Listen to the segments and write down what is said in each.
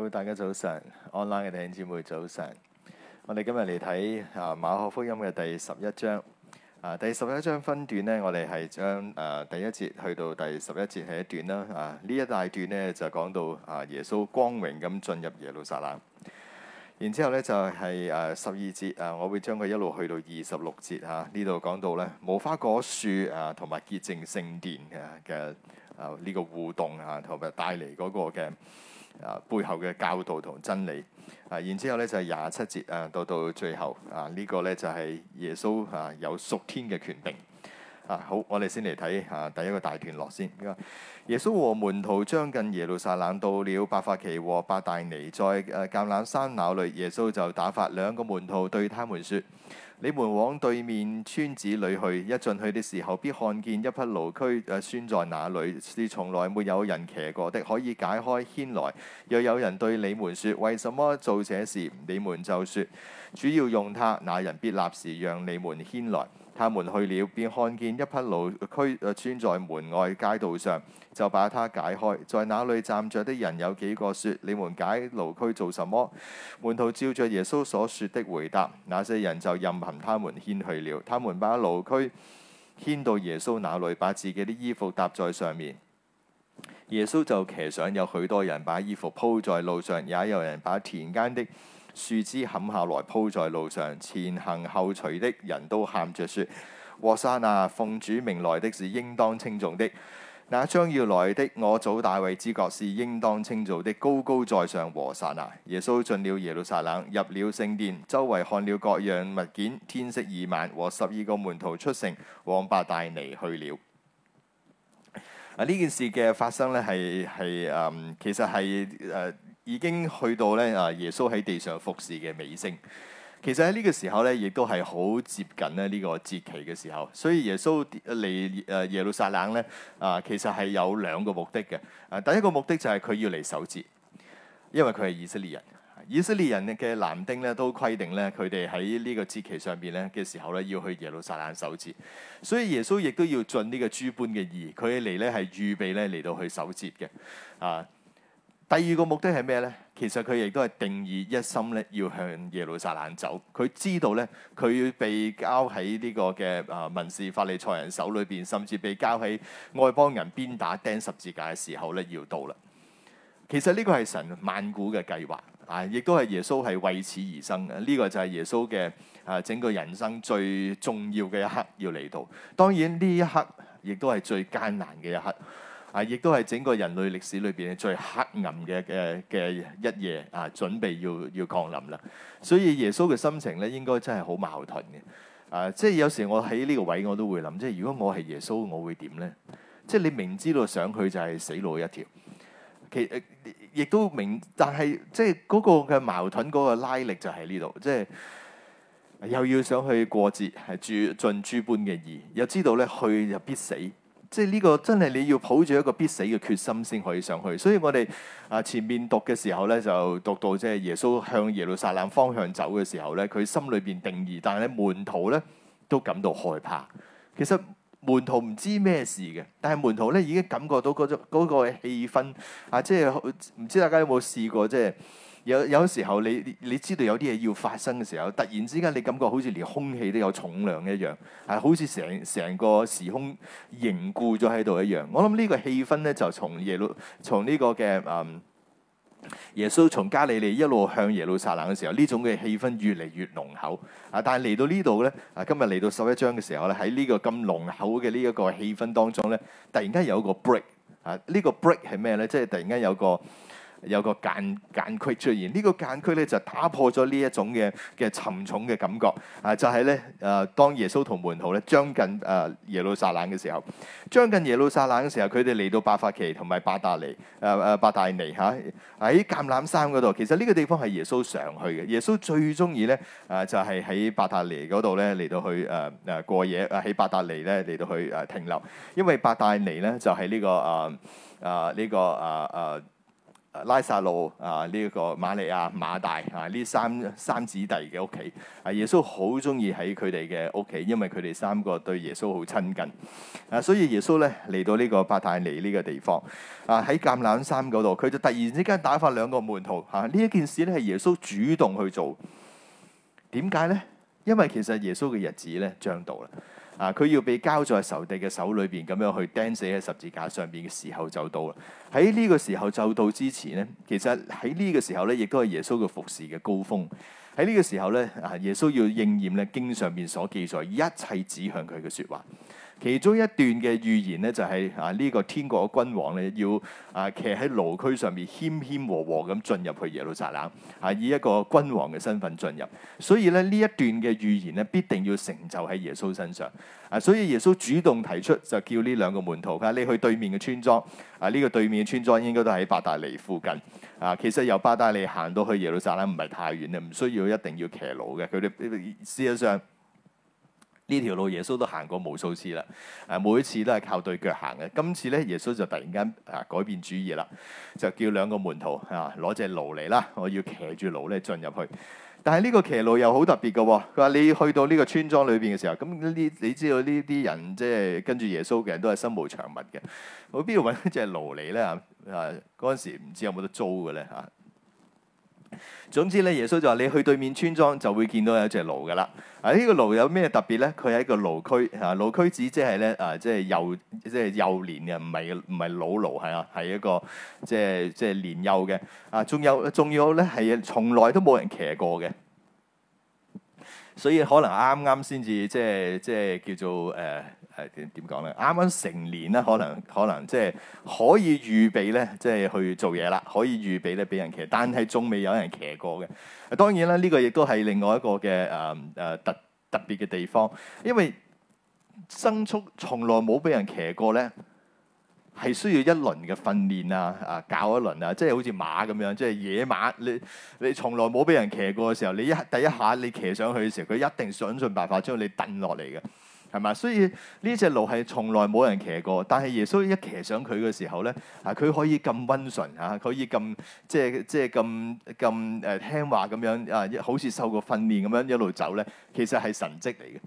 好，大家早上，online 嘅弟兄姊妹早上，我哋今日嚟睇啊馬可福音嘅第十一章啊。第十一章分段呢，我哋係將誒、啊、第一節去到第十一節係一段啦啊。呢一大段呢，就講到啊耶穌光榮咁進入耶路撒冷，然之後咧就係、是、誒、啊、十二節啊，我會將佢一路去到二十六節啊。呢度講到呢，無花果樹啊，同埋潔淨聖殿嘅嘅啊呢、這個互動啊，同埋帶嚟嗰個嘅。啊，背後嘅教導同真理，啊，然之後咧就係廿七節啊，到到最後啊，這個、呢個咧就係、是、耶穌啊有屬天嘅權柄。啊！好，我哋先嚟睇下第一個大段落先。耶穌和門徒將近耶路撒冷，到了伯法其和伯大尼，在誒、呃、橄欖山那裏，耶穌就打發兩個門徒對他們説：你們往對面村子裏去，一進去的時候，必看見一匹驢駒誒拴在那裏，是從來沒有人騎過的，可以解開牽來。若有人對你們説：為什麼做這事？你們就説：主要用它，那人必立時讓你們牽來。他們去了，便看見一匹驢駒拴在門外街道上，就把它解開。在那裏站着的人有幾個，說：你們解驢駒做什麼？門徒照着耶穌所說的回答，那些人就任憑他們牽去了。他們把驢駒牽到耶穌那裏，把自己的衣服搭在上面。耶穌就騎上，有許多人把衣服鋪在路上，也有人把田間的。樹枝砍下來鋪在路上，前行後隨的人都喊着說：和散那，奉主名來的是應當稱頌的。那將要來的，我祖大衛之國是應當稱頌的。高高在上，和散那。耶穌進了耶路撒冷，入了聖殿，周圍看了各樣物件，天色已晚，和十二個門徒出城往伯大尼去了。啊，呢件事嘅發生呢，係係誒，其實係誒。嗯已經去到咧啊！耶穌喺地上服侍嘅尾聲，其實喺呢個時候咧，亦都係好接近咧呢個節期嘅時候。所以耶穌嚟誒耶路撒冷咧啊，其實係有兩個目的嘅。第一個目的就係佢要嚟守節，因為佢係以色列人。以色列人嘅男丁咧都規定咧，佢哋喺呢個節期上邊咧嘅時候咧要去耶路撒冷守節。所以耶穌亦都要盡呢個諸般嘅義，佢嚟咧係預備咧嚟到去守節嘅啊。第二個目的係咩呢？其實佢亦都係定意一心咧，要向耶路撒冷走。佢知道咧，佢要被交喺呢個嘅啊民事法利賽人手裏邊，甚至被交喺外邦人鞭打釘十字架嘅時候咧，要到啦。其實呢個係神萬古嘅計劃啊，亦都係耶穌係為此而生嘅。呢個就係耶穌嘅啊，整個人生最重要嘅一刻要嚟到。當然呢一刻亦都係最艱難嘅一刻。啊！亦都係整個人類歷史裏邊最黑暗嘅嘅嘅一夜啊，準備要要降臨啦。所以耶穌嘅心情咧，應該真係好矛盾嘅。啊，即係有時我喺呢個位我都會諗，即係如果我係耶穌，我會點咧？即係你明知道上去就係死路一條，其亦、呃、都明，但係即係嗰個嘅矛盾嗰、嗰個拉力就喺呢度，即係又要上去過節，係住盡諸般嘅義，又知道咧去就必死。即係、這、呢個真係你要抱住一個必死嘅決心先可以上去，所以我哋啊前面讀嘅時候咧，就讀到即係耶穌向耶路撒冷方向走嘅時候咧，佢心裏面定義，但係門徒咧都感到害怕。其實門徒唔知咩事嘅，但係門徒咧已經感覺到嗰種嗰個氣、那個、氛啊，即係唔知大家有冇試過即係。有有時候你你知道有啲嘢要發生嘅時候，突然之間你感覺好似連空氣都有重量一樣，係好似成成個時空凝固咗喺度一樣。我諗呢個氣氛咧，就從耶路從呢個嘅誒、嗯、耶穌從加利利一路向耶路撒冷嘅時候，呢種嘅氣氛越嚟越濃厚。啊，但係嚟到呢度咧，啊今日嚟到十一章嘅時候咧，喺呢個咁濃厚嘅呢一個氣氛當中咧，突然間有個 break。啊，呢、呢個 break 係咩咧？即係突然間有個。有個間間區出現，呢、這個間區咧就打破咗呢一種嘅嘅沉重嘅感覺啊！就係咧誒，當耶穌同門徒咧將近誒、啊、耶路撒冷嘅時候，將近耶路撒冷嘅時候，佢哋嚟到伯法其同埋伯大尼誒誒伯大尼嚇喺、啊、橄欖山嗰度。其實呢個地方係耶穌常去嘅，耶穌最中意咧誒就係喺伯大尼嗰度咧嚟到去誒誒、啊、過夜，喺伯大尼咧嚟到去誒、啊、停留，因為伯大尼咧就係、是、呢、這個誒誒呢個誒誒。啊啊啊啊啊啊啊啊拉撒路啊，呢、這、一個瑪利亞、馬大啊，呢三三姊弟嘅屋企，啊耶穌好中意喺佢哋嘅屋企，因為佢哋三個對耶穌好親近啊，所以耶穌咧嚟到呢個伯大尼呢個地方啊，喺橄欖山嗰度，佢就突然之間打發兩個門徒吓，呢、啊、一件事咧係耶穌主動去做，點解咧？因為其實耶穌嘅日子咧將到啦。啊！佢要被交在仇敵嘅手裏邊，咁樣去釘死喺十字架上邊嘅時候就到啦。喺呢個時候就到之前呢，其實喺呢個時候咧，亦都係耶穌嘅服侍嘅高峰。喺呢個時候咧，啊，耶穌要應驗咧經上面所記載一切指向佢嘅說話。其中一段嘅預言咧、就是，就係啊呢、這個天國嘅君王咧，要啊騎喺牢驢上面謙謙和和咁進入去耶路撒冷，啊以一個君王嘅身份進入。所以咧呢一段嘅預言咧，必定要成就喺耶穌身上。啊，所以耶穌主動提出就叫呢兩個門徒，佢話你去對面嘅村莊。啊，呢、這個對面嘅村莊應該都喺巴達尼附近。啊，其實由巴達尼行到去耶路撒冷唔係太遠嘅，唔需要一定要騎驢嘅。佢哋事實上。呢條路耶穌都行過無數次啦，啊，每一次都係靠對腳行嘅。今次咧，耶穌就突然間啊改變主意啦，就叫兩個門徒啊攞隻驢嚟啦，我要騎住驢咧進入去。但係呢個騎驢又好特別嘅喎，佢、啊、話你去到呢個村莊裏邊嘅時候，咁呢你知道呢啲人即係跟住耶穌嘅人都係身無長物嘅，冇必要揾隻驢嚟咧嚇。啊，嗰、啊、陣時唔知有冇得租嘅咧嚇。啊。總之咧，耶穌就話，你去對面村莊就會見到有隻驢㗎喇。啊，這個、爐，呢個驢有咩特別咧？佢係一個驢駒吓，驢駒子即係咧啊，即係幼即係幼年嘅，唔係唔係老驢係啊，係一個即係即係年幼嘅。啊，仲有仲有咧係從來都冇人騎過嘅，所以可能啱啱先至即係即係叫做誒。呃誒點點講咧？啱啱成年啦，可能可能即係可以預備咧，即係去做嘢啦，可以預備咧俾人騎，但係仲未有人騎過嘅。當然啦，呢個亦都係另外一個嘅誒誒特特別嘅地方，因為牲畜從來冇俾人騎過咧，係需要一輪嘅訓練啊啊，教一輪啊，即係好似馬咁樣，即係野馬，你你從來冇俾人騎過嘅時候，你一第一下你騎上去嘅時候，佢一定想盡辦法將你蹬落嚟嘅。係嘛？所以呢隻驢係從來冇人騎過，但係耶穌一騎上佢嘅時候咧，啊佢可以咁温順啊，佢可以咁即係即係咁咁誒聽話咁樣啊，好似受過訓練咁樣一路走咧，其實係神蹟嚟嘅。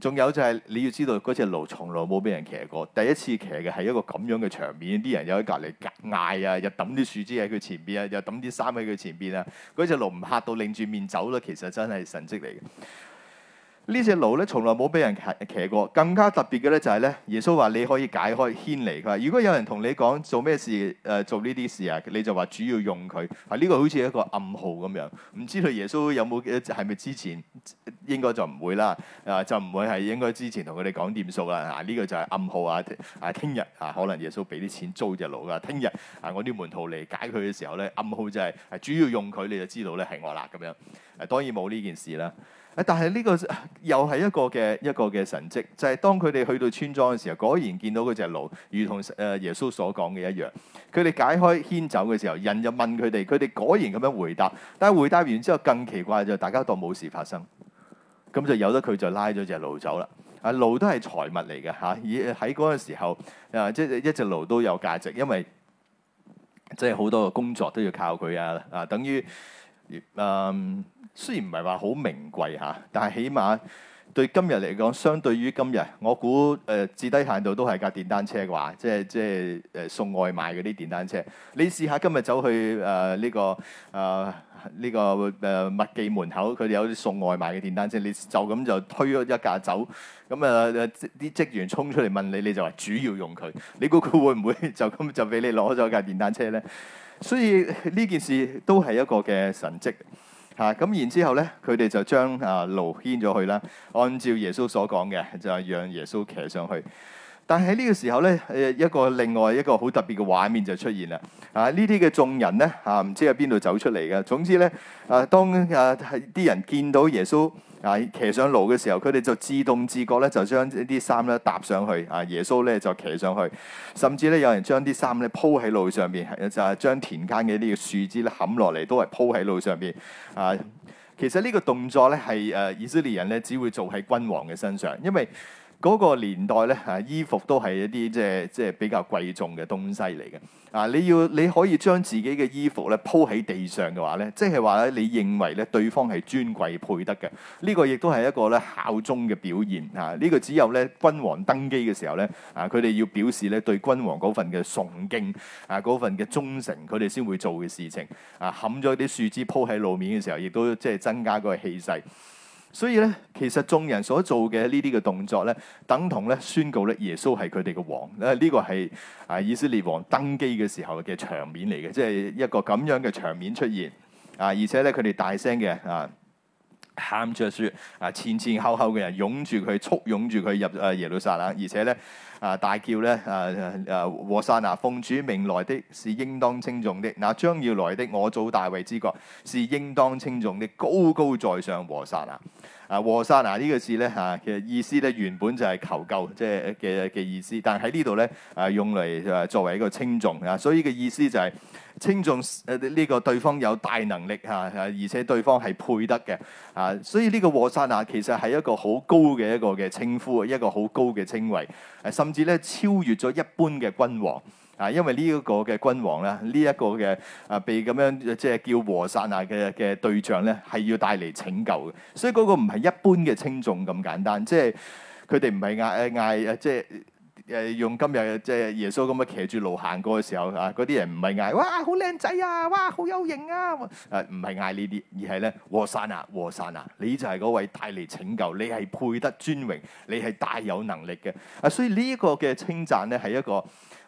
仲有就係，你要知道嗰隻驢從來冇俾人騎過，第一次騎嘅係一個咁樣嘅場面，啲人又喺隔離嗌啊，又抌啲樹枝喺佢前邊啊，又抌啲衫喺佢前邊啊，嗰隻驢唔嚇到擰住面走啦，其實真係神蹟嚟嘅。呢隻驢咧，從來冇俾人騎騎過，更加特別嘅咧就係咧，耶穌話你可以解開牽嚟。佢話如果有人同你講做咩事，誒、呃、做呢啲事啊，你就話主要用佢。啊呢、這個好似一個暗號咁樣，唔知道耶穌有冇係咪之前應該就唔會啦。啊就唔會係應該之前同佢哋講掂數啦。啊呢、這個就係暗號啊啊聽日啊可能耶穌俾啲錢租隻驢啊，聽日啊我啲門徒嚟解佢嘅時候咧，暗號就係主要用佢，你就知道咧係我啦咁樣。誒、啊、當然冇呢件事啦。誒，但係呢個又係一個嘅一個嘅神跡，就係當佢哋去到村莊嘅時候，果然見到嗰隻驢，如同誒耶穌所講嘅一樣。佢哋解開牽走嘅時候，人就問佢哋，佢哋果然咁樣回答。但係回答完之後更奇怪就，大家當冇事發生，咁就由得佢就拉咗隻驢走啦。啊，驢都係財物嚟嘅吓，而喺嗰個時候啊，即係一隻驢都有價值，因為即係好多嘅工作都要靠佢啊。啊，等於嗯。雖然唔係話好名貴嚇，但係起碼對今日嚟講，相對於今日，我估誒、呃、至低限度都係架電單車嘅話，即係即係誒、呃、送外賣嗰啲電單車。你試下今日走去誒呢、呃這個誒呢、呃這個誒麥、呃、記門口，佢哋有啲送外賣嘅電單車，你就咁就推咗一架走，咁啊啲職員衝出嚟問你，你就話主要用佢。你估佢會唔會就咁就俾你攞咗架電單車咧？所以呢件事都係一個嘅神蹟。嚇！咁、啊、然之後咧，佢哋就將啊驢牽咗去啦。按照耶穌所講嘅，就係讓耶穌騎上去。但係呢個時候咧，一個另外一個好特別嘅畫面就出現啦。啊！眾呢啲嘅眾人咧，啊唔知喺邊度走出嚟嘅。總之咧，啊當啊係啲人見到耶穌。啊！騎上路嘅時候，佢哋就自動自覺咧，就將呢啲衫咧搭上去。啊！耶穌咧就騎上去，甚至咧有人將啲衫咧鋪喺路上邊，就係將田間嘅呢個樹枝咧冚落嚟，都係鋪喺路上邊。啊！其實呢個動作咧係誒以色列人咧只會做喺君王嘅身上，因為，嗰個年代咧，啊，衣服都係一啲即係即係比較貴重嘅東西嚟嘅。啊，你要你可以將自己嘅衣服咧鋪喺地上嘅話咧，即係話咧你認為咧對方係尊貴配得嘅，呢個亦都係一個咧效忠嘅表現。啊，呢個只有咧君王登基嘅時候咧，啊，佢哋要表示咧對君王嗰份嘅崇敬，啊，嗰份嘅忠誠，佢哋先會做嘅事情。啊，冚咗啲樹枝鋪喺路面嘅時候，亦都即係增加嗰個氣勢。所以咧，其實眾人所做嘅呢啲嘅動作咧，等同咧宣告咧，耶穌係佢哋嘅王。啊，呢個係啊以色列王登基嘅時候嘅場面嚟嘅，即係一個咁樣嘅場面出現啊，而且咧佢哋大聲嘅啊。喊着說：啊，前前後後嘅人湧住佢，簇擁住佢入啊耶路撒冷，而且咧啊大叫咧啊啊和撒那，奉主命來的，是應當稱重的。那將要來的，我祖大衛之國，是應當稱重的。高高在上和撒那。啊，和散那呢個字咧嚇，其實意思咧原本就係求救，即係嘅嘅意思。但喺呢度咧啊，用嚟啊作為一個稱頌啊，所以嘅意思就係、是、稱頌誒呢個對方有大能力嚇，而且對方係配得嘅啊。所以呢個和散那其實係一個好高嘅一個嘅稱呼，一個好高嘅稱謂，甚至咧超越咗一般嘅君王。啊，因為呢一個嘅君王咧，呢、這、一個嘅啊，被咁樣即係叫和散那嘅嘅對象咧，係要帶嚟拯救嘅，所以嗰個唔係一般嘅稱重咁簡單，即係佢哋唔係嗌嗌即係誒用今日即係耶穌咁樣騎住驢行過嘅時候啊，嗰啲人唔係嗌哇好靚仔啊，哇好有型啊，誒唔係嗌呢啲，而係咧和散那啊和散那啊，你就係嗰位帶嚟拯救，你係配得尊榮，你係大有能力嘅啊，所以呢一個嘅稱讚咧係一個。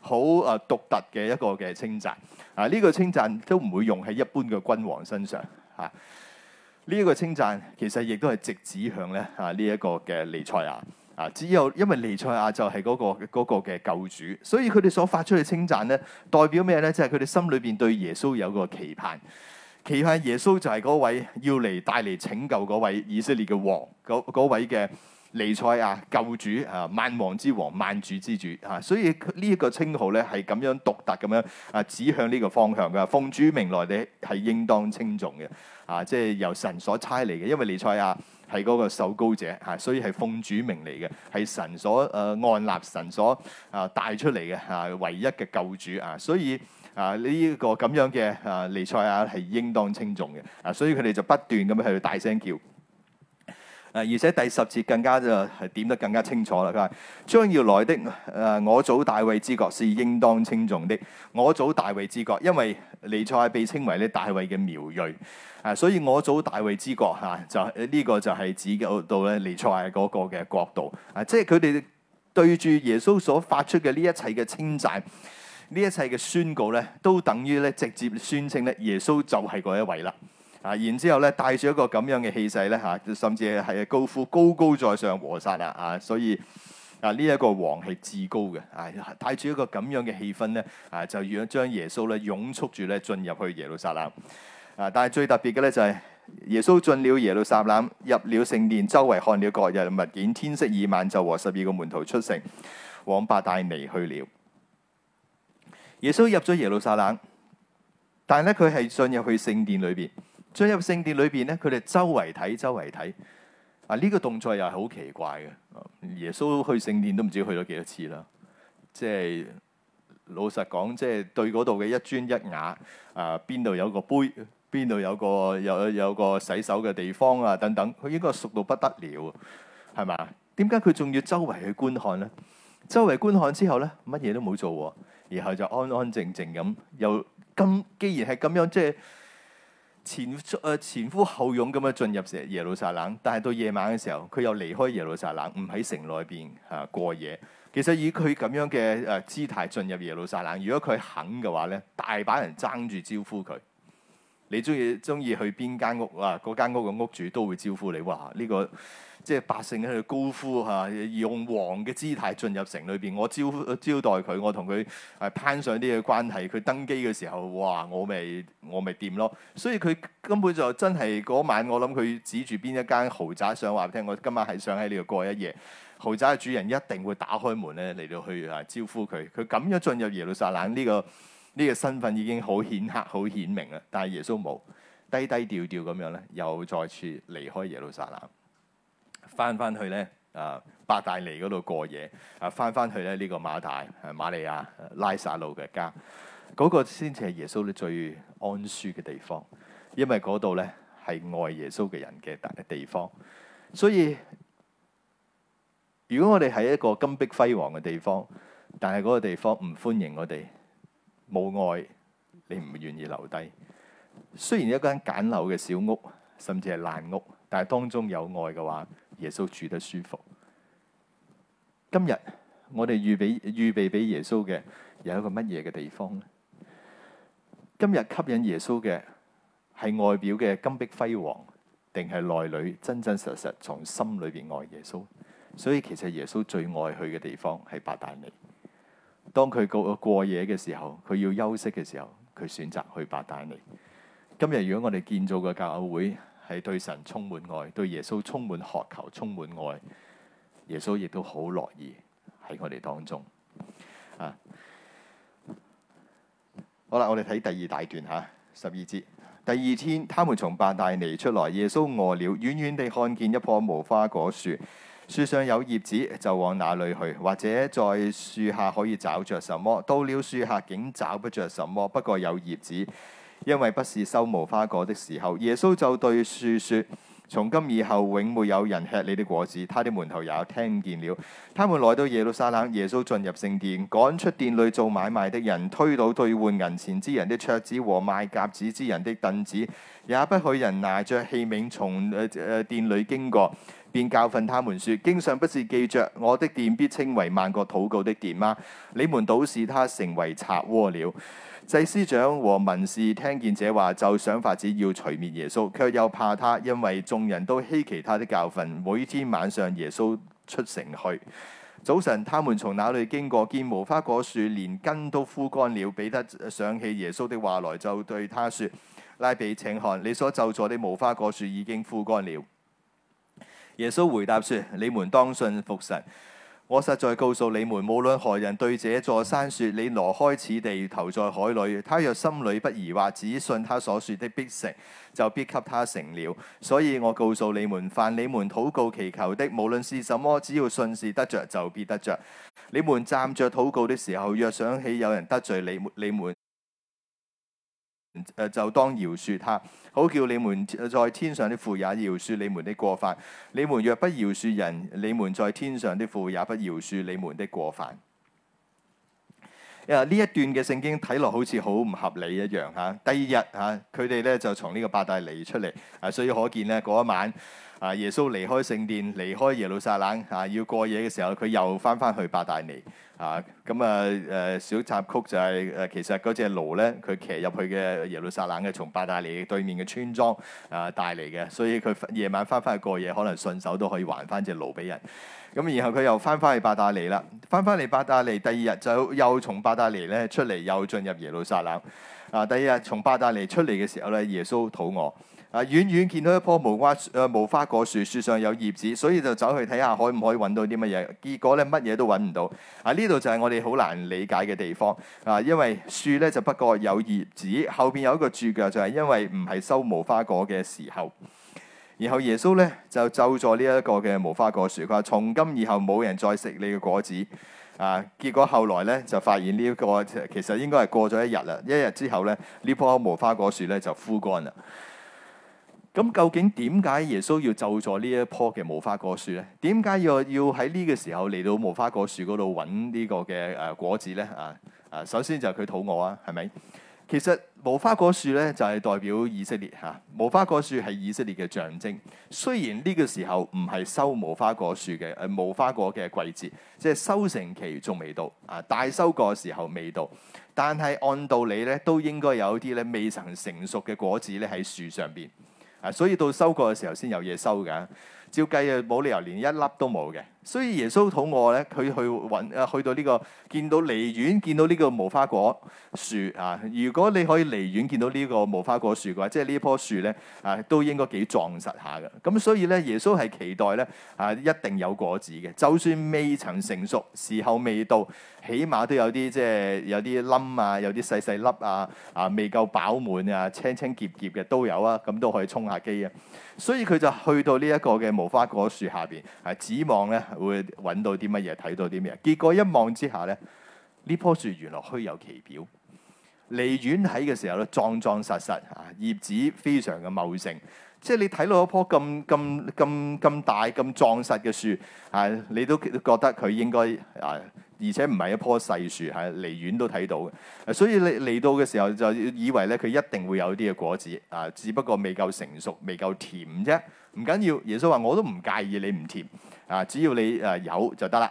好啊！獨特嘅一個嘅稱讚啊！呢個稱讚都唔會用喺一般嘅君王身上啊！呢一個稱讚其實亦都係直指向咧啊！呢一個嘅彌賽亞啊，只有因為彌賽亞就係嗰個嗰個嘅救主，所以佢哋所發出嘅稱讚咧，代表咩咧？就係佢哋心裏邊對耶穌有個期盼，期盼耶穌就係嗰位要嚟帶嚟拯救嗰位以色列嘅王，嗰位嘅。彌賽亞救主啊，萬王之王，萬主之主啊，所以稱呢一個稱號咧係咁樣獨特咁樣啊，指向呢個方向嘅。奉主名來嘅係應當稱頌嘅啊，即係由神所差嚟嘅，因為彌賽亞係嗰個受膏者啊，所以係奉主名嚟嘅，係神所誒按、呃、立、神所啊帶出嚟嘅啊，唯一嘅救主啊，所以啊呢一、這個咁樣嘅啊，這個、啊彌賽亞係應當稱頌嘅啊，所以佢哋就不斷咁樣喺度大聲叫。誒，而且第十節更加就係點得更加清楚啦。佢話將要來的誒，我祖大衛之國是應當稱頌的。我祖大衛之國，因為彌賽亞被稱為咧大衛嘅苗裔啊，所以我祖大衛之國啊，就呢、這個就係指到咧彌賽亞嗰個嘅國度啊。即係佢哋對住耶穌所發出嘅呢一切嘅稱讚，呢一切嘅宣告咧，都等於咧直接宣稱咧耶穌就係嗰一位啦。啊，然之後咧，帶住一個咁樣嘅氣勢咧，嚇，甚至係高呼高高在上和散那！啊，所以啊，呢一個王係至高嘅，啊，帶住一個咁樣嘅氣氛咧，啊，就將耶穌咧湧促住咧進入去耶路撒冷。啊，但係最特別嘅咧就係耶穌進了耶路撒冷，入了聖殿，周圍看了各樣物件，天色已晚，就和十二個門徒出城往伯大尼去了。耶穌入咗耶路撒冷，但係咧佢係進入去聖殿裏邊。進入聖殿裏邊咧，佢哋周圍睇，周圍睇。啊，呢個動作又係好奇怪嘅。耶穌去聖殿都唔知去咗幾多次啦。即係老實講，即係對嗰度嘅一磚一瓦啊，邊度有個杯，邊度有個有有個洗手嘅地方啊等等，佢應該熟到不得了，係咪？點解佢仲要周圍去觀看咧？周圍觀看之後咧，乜嘢都冇做喎，然後就安安靜靜咁，又咁既然係咁樣即係。前誒前呼後擁咁樣進入耶路撒冷，但係到夜晚嘅時候，佢又離開耶路撒冷，唔喺城內邊嚇、啊、過夜。其實以佢咁樣嘅誒姿態進入耶路撒冷，如果佢肯嘅話咧，大把人爭住招呼佢。你中意中意去邊間屋啊？嗰間屋嘅屋主都會招呼你話：呢、這個即係百姓喺度高呼嚇、啊，用王嘅姿態進入城裏邊，我招招待佢，我同佢係攀上啲嘅關係。佢登基嘅時候，哇！我咪我咪掂咯。所以佢根本就真係嗰晚，我諗佢指住邊一間豪宅想話畀聽，我今晚係想喺呢度過一夜。豪宅嘅主人一定會打開門咧嚟到去啊招呼佢。佢咁樣進入耶路撒冷呢、這個。呢個身份已經好顯赫、好顯明啦。但係耶穌冇低低調調咁樣咧，又再次離開耶路撒冷，翻翻去咧啊，伯大尼嗰度過夜啊，翻翻去咧呢個馬大啊、瑪利亞、拉撒路嘅家，嗰個先至係耶穌咧最安舒嘅地方，因為嗰度咧係愛耶穌嘅人嘅地方。所以如果我哋喺一個金碧輝煌嘅地方，但係嗰個地方唔歡迎我哋。冇愛，你唔願意留低。雖然一間簡陋嘅小屋，甚至係爛屋，但係當中有愛嘅話，耶穌住得舒服。今日我哋預備預備俾耶穌嘅，有一個乜嘢嘅地方咧？今日吸引耶穌嘅係外表嘅金碧輝煌，定係內裏真真實實從心裏邊愛耶穌？所以其實耶穌最愛去嘅地方係伯大尼。當佢過夜嘅時候，佢要休息嘅時候，佢選擇去伯大尼。今日如果我哋建造嘅教會係對神充滿愛，對耶穌充滿渴求，充滿愛，耶穌亦都好樂意喺我哋當中。啊，好啦，我哋睇第二大段吓，十二節。第二天，他們從伯大尼出來，耶穌餓、呃、了，遠遠地看見一棵無花果樹。樹上有葉子，就往哪裏去？或者在樹下可以找着什麼？到了樹下，竟找不着什麼。不過有葉子，因為不是收無花果的時候。耶穌就對樹說：從今以後，永沒有人吃你的果子。他的門徒也聽見了。他們來到耶路撒冷，耶穌進入聖殿，趕出殿裏做買賣的人，推倒兌換銀錢之人的桌子和賣鴿子之人的凳子。也不許人拿着器皿從誒誒殿裏經過，便教訓他們說：經上不是記着「我的殿必稱為萬國禱告的殿」嗎？你們倒使他成為賊窩了。祭司長和文士聽見這話，就想法子要除滅耶穌，卻又怕他，因為眾人都稀奇他的教訓。每天晚上耶穌出城去，早晨他們從那裏經過，見無花果樹連根都枯乾了，彼得想起耶穌的話來，就對他說。拉比請看，你所就坐的無花果樹已經枯乾了。耶穌回答說：你們當信服神。我實在告訴你們，無論何人對這座山說：你挪開此地，投在海裏，他若心裏不疑惑，只信他所說的必成，就必給他成了。所以我告訴你們，凡你們禱告祈求的，無論是什麼，只要信是得着，就必得着。你們站着禱告的時候，若想起有人得罪你，你們誒，就當饒恕吓，好叫你們在天上的父也饒恕你們的過犯。你們若不饒恕人，你們在天上的父也不饒恕你們的過犯。啊，呢一段嘅聖經睇落好似好唔合理一樣吓。第二日吓，佢哋咧就從呢個伯大尼出嚟，所以可見呢嗰一晚。啊！耶穌離開聖殿，離開耶路撒冷啊，要過夜嘅時候，佢又翻返去伯大尼啊。咁啊誒小插曲就係、是啊、其實嗰隻驢咧，佢騎入去嘅耶路撒冷嘅，從伯大尼對面嘅村莊啊帶嚟嘅，所以佢夜晚翻返去過夜，可能順手都可以還翻隻驢俾人。咁、啊、然後佢又翻返去伯大尼啦，翻返嚟伯大尼，第二日就又從伯大尼咧出嚟，又進入耶路撒冷。啊，第二日從伯大尼出嚟嘅時候咧，耶穌肚餓。啊！遠遠見到一棵無花誒、呃、無花果樹，樹上有葉子，所以就走去睇下可唔可以揾到啲乜嘢。結果咧，乜嘢都揾唔到。啊！呢度就係我哋好難理解嘅地方啊，因為樹咧就不過有葉子，後邊有一個註腳就係因為唔係收無花果嘅時候。然後耶穌呢，就咒咗呢一個嘅無花果樹，佢話從今以後冇人再食你嘅果子啊。結果後來呢，就發現呢、這、一個其實應該係過咗一日啦。一日之後呢，呢棵無花果樹呢就枯乾啦。咁究竟點解耶穌要咒詛呢一棵嘅無花果樹咧？點解要要喺呢個時候嚟到無花果樹嗰度揾呢個嘅誒果子咧？啊啊，首先就係佢肚餓啊，係咪？其實無花果樹咧就係代表以色列嚇。無花果樹係以色列嘅象徵。雖然呢個時候唔係收無花果樹嘅誒無花果嘅季節，即係收成期仲未到啊，大收果嘅時候未到，但係按道理咧都應該有啲咧未曾成熟嘅果子咧喺樹上邊。啊！所以到收割嘅時候先有嘢收㗎，照計啊，冇理由連一粒都冇嘅。所以耶穌肚餓咧，佢去揾啊，去到呢個見到離遠見到呢個無花果樹啊。如果你可以離遠見到呢個無花果樹嘅話，即係呢棵樹咧啊，都應該幾壯實下嘅。咁所以咧，耶穌係期待咧啊，一定有果子嘅，就算未曾成熟，時候未到，起碼都有啲即係有啲冧啊，有啲細細粒啊，啊，啊未夠飽滿啊，青青澀澀嘅都有啊，咁都可以充下飢啊。所以佢就去到呢一個嘅無花果樹下邊啊，指望咧。會揾到啲乜嘢，睇到啲咩？結果一望之下咧，呢棵樹原來虛有其表。離遠睇嘅時候咧，壯壯實實，啊，葉子非常嘅茂盛。即係你睇到一棵咁咁咁咁大咁壯實嘅樹，啊，你都都覺得佢應該啊，而且唔係一棵細樹，係離遠都睇到嘅。所以你嚟到嘅時候就以為咧，佢一定會有啲嘅果子，啊，只不過未夠成熟，未夠甜啫。唔緊要，耶穌話我都唔介意你唔甜，啊，只要你誒有就得啦。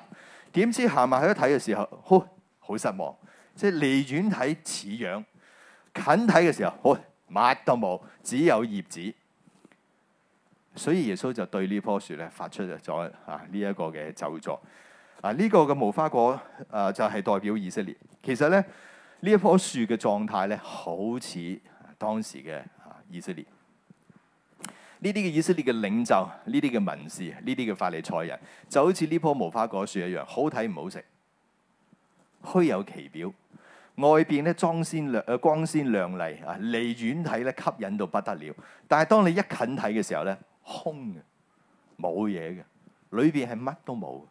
點知行埋去一睇嘅時候，好好失望，即係離遠睇似樣，近睇嘅時候，好，乜都冇，只有葉子。所以耶穌就對呢棵樹咧發出咗啊呢一個嘅咒詛。啊呢個嘅無花果啊就係代表以色列。其實咧呢一棵樹嘅狀態咧，好似當時嘅啊以色列。呢啲嘅以色列嘅領袖，呢啲嘅文士，呢啲嘅法利賽人，就好似呢棵無花果樹一樣，好睇唔好食，虛有其表，外邊咧裝鮮亮啊、呃、光鮮亮麗啊，離遠睇咧吸引到不得了，但係當你一近睇嘅時候咧，空嘅，冇嘢嘅，裏邊係乜都冇，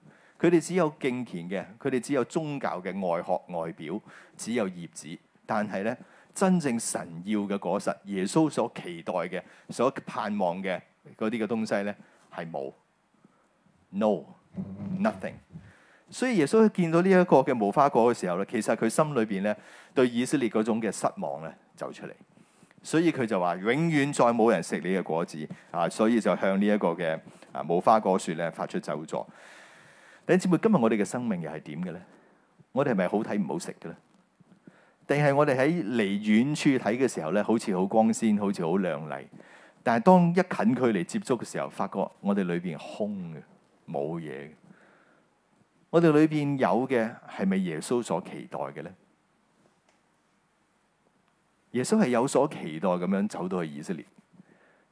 佢哋只有敬虔嘅，佢哋只有宗教嘅外殼外表，只有葉子，但係咧。真正神要嘅果實，耶穌所期待嘅、所盼望嘅嗰啲嘅東西咧，係冇。No，nothing。所以耶穌見到呢一個嘅無花果嘅時候咧，其實佢心裏邊咧對以色列嗰種嘅失望咧走出嚟。所以佢就話：永遠再冇人食你嘅果子啊！所以就向呢一個嘅啊無花果樹咧發出咒詛。但係姊妹，今日我哋嘅生命又係點嘅咧？我哋係咪好睇唔好食嘅咧？定係我哋喺離遠處睇嘅時候呢，好似好光鮮，好似好亮麗。但係當一近距離接觸嘅時候，發覺我哋裏邊空嘅，冇嘢。我哋裏邊有嘅係咪耶穌所期待嘅呢？耶穌係有所期待咁樣走到去以色列，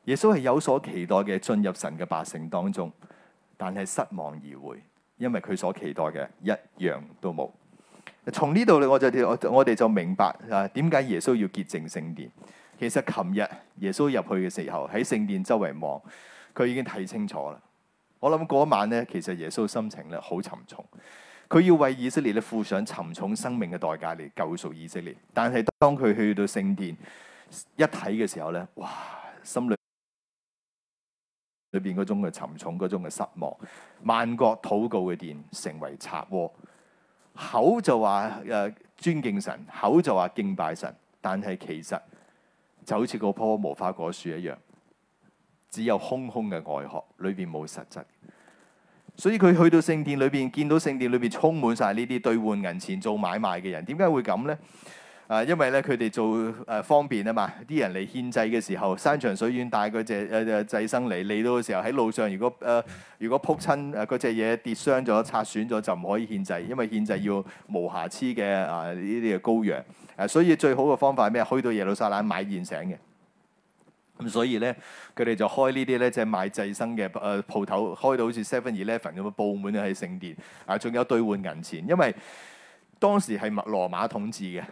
耶穌係有所期待嘅進入神嘅百姓當中，但係失望而回，因為佢所期待嘅一樣都冇。從呢度咧，我就我哋就明白啊，點解耶穌要潔淨聖殿。其實琴日耶穌入去嘅時候，喺聖殿周圍望，佢已經睇清楚啦。我諗嗰晚咧，其實耶穌心情咧，好沉重，佢要為以色列咧付上沉重生命嘅代價嚟救贖以色列。但係當佢去到聖殿一睇嘅時候咧，哇，心裏裏邊嗰種嘅沉重、嗰種嘅失望，萬國禱告嘅殿成為賊窩。口就話誒尊敬神，口就話敬拜神，但係其實就好似個棵無花果樹一樣，只有空空嘅外殼，裏邊冇實質。所以佢去到聖殿裏邊，見到聖殿裏邊充滿晒呢啲兌換銀錢做買賣嘅人，點解會咁呢？啊，因為咧佢哋做誒方便啊嘛，啲人嚟獻祭嘅時候山長水遠帶嗰隻誒誒祭牲嚟，嚟、呃、到嘅時候喺路上如果誒、呃、如果撲親誒嗰隻嘢跌傷咗、拆損咗就唔可以獻祭，因為獻祭要無瑕疵嘅啊呢啲嘅羔羊。誒、呃，所以最好嘅方法係咩？去到耶路撒冷買現成嘅。咁、嗯、所以咧，佢哋就開呢啲咧即係賣祭牲嘅誒鋪頭，開到好似 Seven Eleven 咁啊，佈滿喺聖殿。啊，仲、呃、有兌換銀錢，因為。當時係羅馬統治嘅，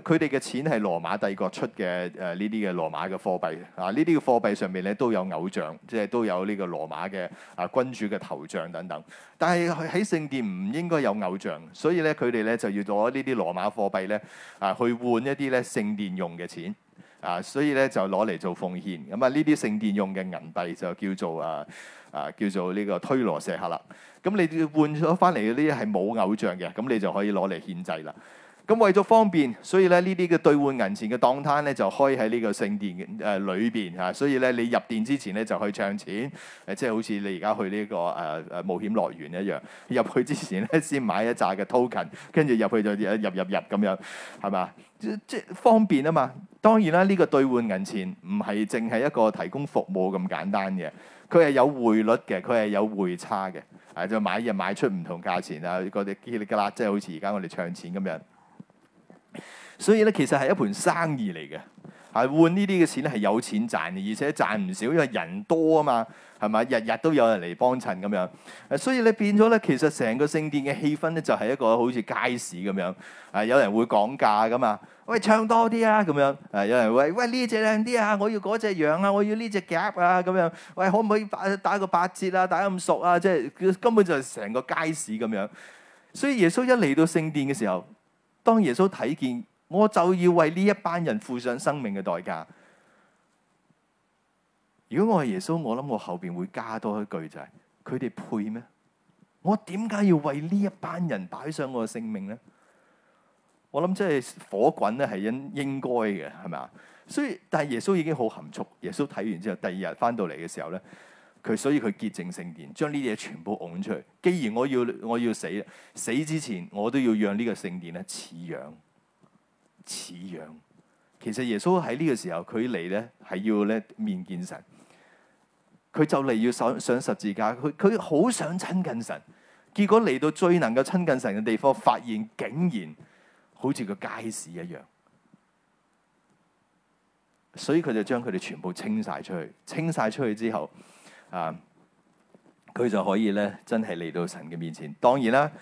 佢哋嘅錢係羅馬帝國出嘅誒呢啲嘅羅馬嘅貨幣，啊呢啲嘅貨幣上面咧都有偶像，即係都有呢個羅馬嘅啊君主嘅頭像等等。但係喺聖殿唔應該有偶像，所以咧佢哋咧就要攞呢啲羅馬貨幣咧啊去換一啲咧聖殿用嘅錢，啊所以咧就攞嚟做奉獻。咁啊呢啲聖殿用嘅銀幣就叫做啊。啊，叫做呢個推羅石客啦。咁你換咗翻嚟嘅呢啲係冇偶像嘅，咁你就可以攞嚟獻祭啦。咁為咗方便，所以咧呢啲嘅兌換銀錢嘅檔攤咧就開喺呢個聖殿誒裏邊嚇。所以咧你入店之前咧就去唱錢誒，即係好似你而家去呢個誒誒冒險樂園一樣入去之前咧先買一扎嘅 token，跟住入去就入入入咁樣係嘛？即即係方便啊嘛。當然啦，呢個兌換銀錢唔係淨係一個提供服務咁簡單嘅。佢係有匯率嘅，佢係有匯差嘅，係、啊、就買嘢買出唔同價錢啊！嗰啲希哩噶啦，即係好似而家我哋唱錢咁樣。所以咧，其實係一盤生意嚟嘅，係、啊、換呢啲嘅錢咧係有錢賺嘅，而且賺唔少，因為人多啊嘛。係日日都有人嚟幫襯咁樣，所以你變咗咧，其實成個聖殿嘅氣氛咧就係一個好似街市咁樣，係、啊、有人會講價咁啊！喂，唱多啲啊！咁樣，係、啊、有人會喂呢隻靚啲啊！我要嗰隻羊啊！我要呢隻夾啊！咁樣，喂，可唔可以打打個八折啊？打咁熟啊，即係根本就係成個街市咁樣。所以耶穌一嚟到聖殿嘅時候，當耶穌睇見，我就要為呢一班人付上生命嘅代價。如果我係耶穌，我諗我後邊會加多一句就係佢哋配咩？我點解要為呢一班人擺上我嘅性命呢？我諗即係火滾咧係應應該嘅係咪？所以但係耶穌已經好含蓄。耶穌睇完之後，第二日翻到嚟嘅時候咧，佢所以佢潔淨聖殿，將呢啲嘢全部㧬出去。既然我要我要死，死之前我都要讓呢個聖殿咧似樣似樣。其實耶穌喺呢個時候佢嚟咧係要咧面見神。佢就嚟要上上十字架，佢佢好想親近神，結果嚟到最能夠親近神嘅地方，發現竟然好似個街市一樣，所以佢就將佢哋全部清晒出去，清晒出去之後，啊，佢就可以咧真係嚟到神嘅面前。當然啦。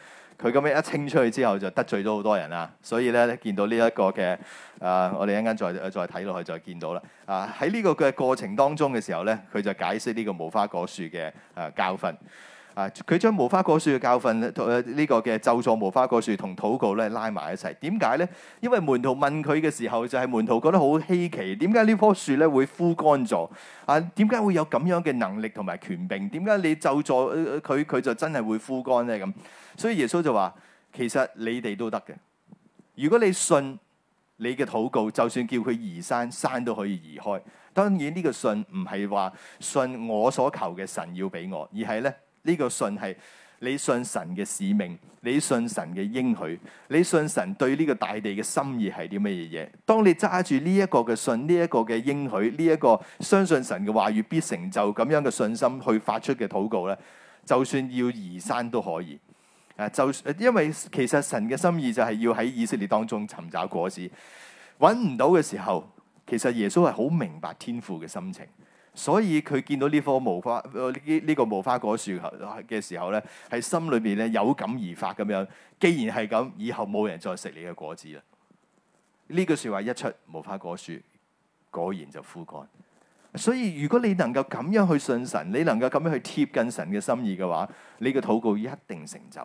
佢咁樣一清出去之後，就得罪咗好多人啊！所以咧，見到呢一個嘅啊、呃，我哋一陣間再再睇落去，再見到啦啊！喺、呃、呢個嘅過程當中嘅時候咧，佢就解釋呢個無花果樹嘅啊、呃、教訓。啊！佢將無花果樹嘅教訓同呢、啊呢個嘅咒助無花果樹同禱告咧拉埋一齊。點解咧？因為門徒問佢嘅時候，就係、是、門徒覺得好稀奇，點解呢棵樹咧、啊會,啊啊、會枯乾咗啊？點解會有咁樣嘅能力同埋權柄？點解你咒助佢佢就真係會枯乾咧？咁所以耶穌就話：其實你哋都得嘅。如果你信你嘅禱告，就算叫佢移山，山都可以移開。當然呢個信唔係話信我所求嘅神要俾我，而係咧。呢個信係你信神嘅使命，你信神嘅應許，你信神對呢個大地嘅心意係啲乜嘢嘢？當你揸住呢一個嘅信，呢一個嘅應許，呢一個相信神嘅話語必成就咁樣嘅信心去發出嘅禱告咧，就算要移山都可以。啊，就因為其實神嘅心意就係要喺以色列當中尋找果子，搵唔到嘅時候，其實耶穌係好明白天父嘅心情。所以佢見到呢棵無花呢呢、呃呢個無花果樹嘅時候咧，喺心裏邊咧有感而發咁樣。既然係咁，以後冇人再食你嘅果子啦。呢句説話一出，無花果樹果然就枯乾。所以如果你能夠咁樣去信神，你能夠咁樣去貼近神嘅心意嘅話，你嘅禱告一定成就。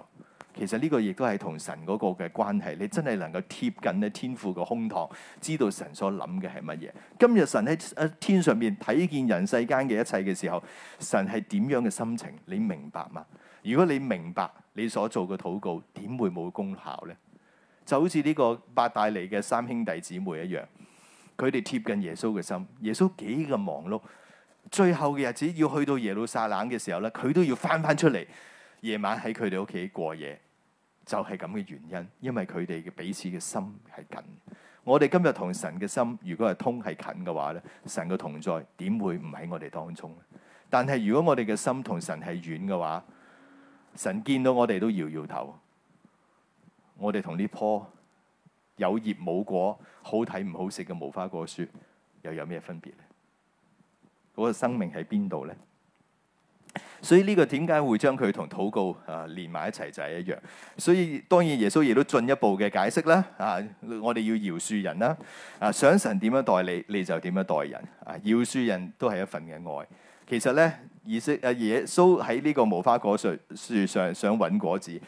其實呢個亦都係同神嗰個嘅關係，你真係能夠貼近呢天父嘅胸膛，知道神所諗嘅係乜嘢。今日神喺天上邊睇見人世間嘅一切嘅時候，神係點樣嘅心情？你明白嗎？如果你明白，你所做嘅禱告點會冇功效咧？就好似呢個伯大尼嘅三兄弟姊妹一樣，佢哋貼近耶穌嘅心。耶穌幾咁忙碌，最後嘅日子要去到耶路撒冷嘅時候咧，佢都要翻翻出嚟，夜晚喺佢哋屋企過夜。就係咁嘅原因，因為佢哋嘅彼此嘅心係近。我哋今日同神嘅心如果係通係近嘅話咧，神嘅同在點會唔喺我哋當中？但係如果我哋嘅心同神係遠嘅話，神見到我哋都搖搖頭。我哋同呢棵有葉冇果、好睇唔好食嘅無花果樹又有咩分別咧？嗰、嗰個生命喺邊度咧？所以呢個點解會將佢同禱告啊連埋一齊就係一樣。所以當然耶穌亦都進一步嘅解釋啦。啊，我哋要饒恕人啦、啊。啊，想神點樣待你，你就點樣待人。啊，饒恕人都係一份嘅愛。其實咧，以色列耶穌喺呢個無花果樹樹上想揾果子，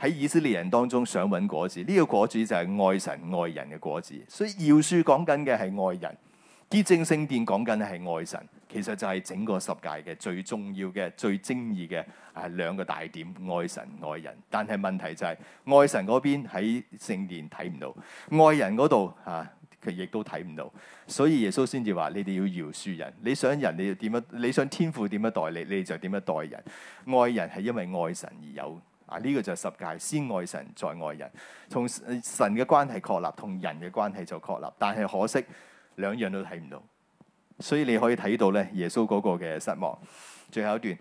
喺以色列人當中想揾果子。呢、呢個果子就係愛神愛人嘅果子。所以饒恕講緊嘅係愛人。潔淨聖殿講緊係愛神，其實就係整個十誡嘅最重要嘅最精義嘅啊兩個大點：愛神、愛人。但係問題就係、是、愛神嗰邊喺聖殿睇唔到，愛人嗰度啊，佢亦都睇唔到，所以耶穌先至話：你哋要饒恕人。你想人你點樣？你想天父點樣待你，你就點樣待人。愛人係因為愛神而有啊，呢、這個就係十誡先愛神再愛人，從神嘅關係確立，同人嘅關係就確立。但係可惜。兩樣都睇唔到，所以你可以睇到呢，耶穌嗰個嘅失望。最後一段，